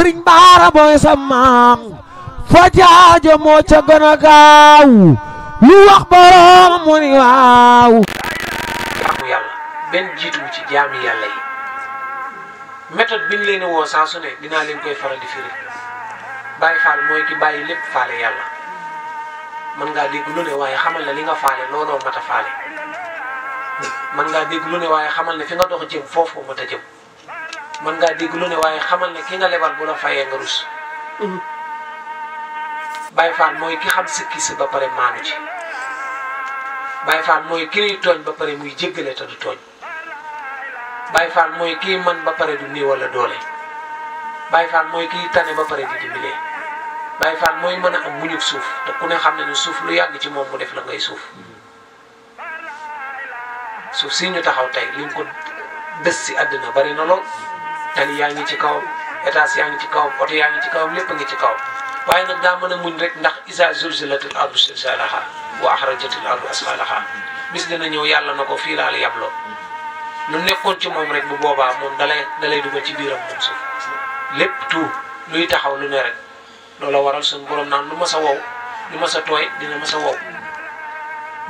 sëriñ baara mooy sa maam jaajo moo ca gën a gaaw lu wax borom mu ni waaw jaamu yàlla benn jiitu ci jaami yàlla yi méthode bi ñu leen woo saa ne dinaa leen koy faral di firi bàyyi faal mooy ki bàyyi lépp faale yàlla mën ngaa dégg lu ne waaye xamal na li nga faale looloo mat a faale mën ngaa dégg lu ne waaye xamal na fi nga dox jëm foofu mat a jëm mën ngaa dégg lu ne waaye xamal na ki nga lebal bu la fayee nga rus. Mhm. Baye Fall mooy ki xam sa kii ba pare maanu ci Baye Fall mooy ki tooñ ba pare muy jéggale te du tooñ Baye Fall mooy kii man ba pare du nii wala doole Baye Fall mooy kii tane ba pare di dimbalee Baye Fall mooy mën a am muñug suuf te ku ne xam ne ne suuf lu yàgg ci moom mu def la ngay suuf suuf si ñu taxaw tey liñ ko des si àddina bari na lool. tali yaa ngi ci kaw étage yaa ngi ci kaw oto yaa ngi ci kaw lépp a ngi ci kaw waaye nag daa mën a muñ rek ndax isaa isa zulzilatil ardu zilzalaha wa axrajatil ardu asqalaha bis dina ñëw yàlla na ko fii laa la yabloo lu nekkoon ci moom rek bu boobaa moom dalay di ko ci biiram moom suuf lépp tout luy taxaw lu ne rek loola waral suñu borom naan lu ma sa wow lu ma sa tooy dina ma sa wow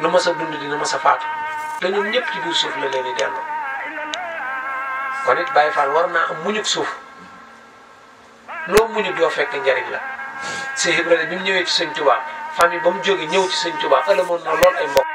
lu ma sa dund dina ma sa faatu te ñun ñëpp ci biir suuf la leen di kon it Baye Fall war naa am muñug suuf loo muñug yoo fekk njariñ la Cheikh Ibrahima bi mu ñëwee ci sëñ Tuubaa famille ba mu jógee ñëw ci sëñ Tuubaa ëllëgoon na lool ay mbokk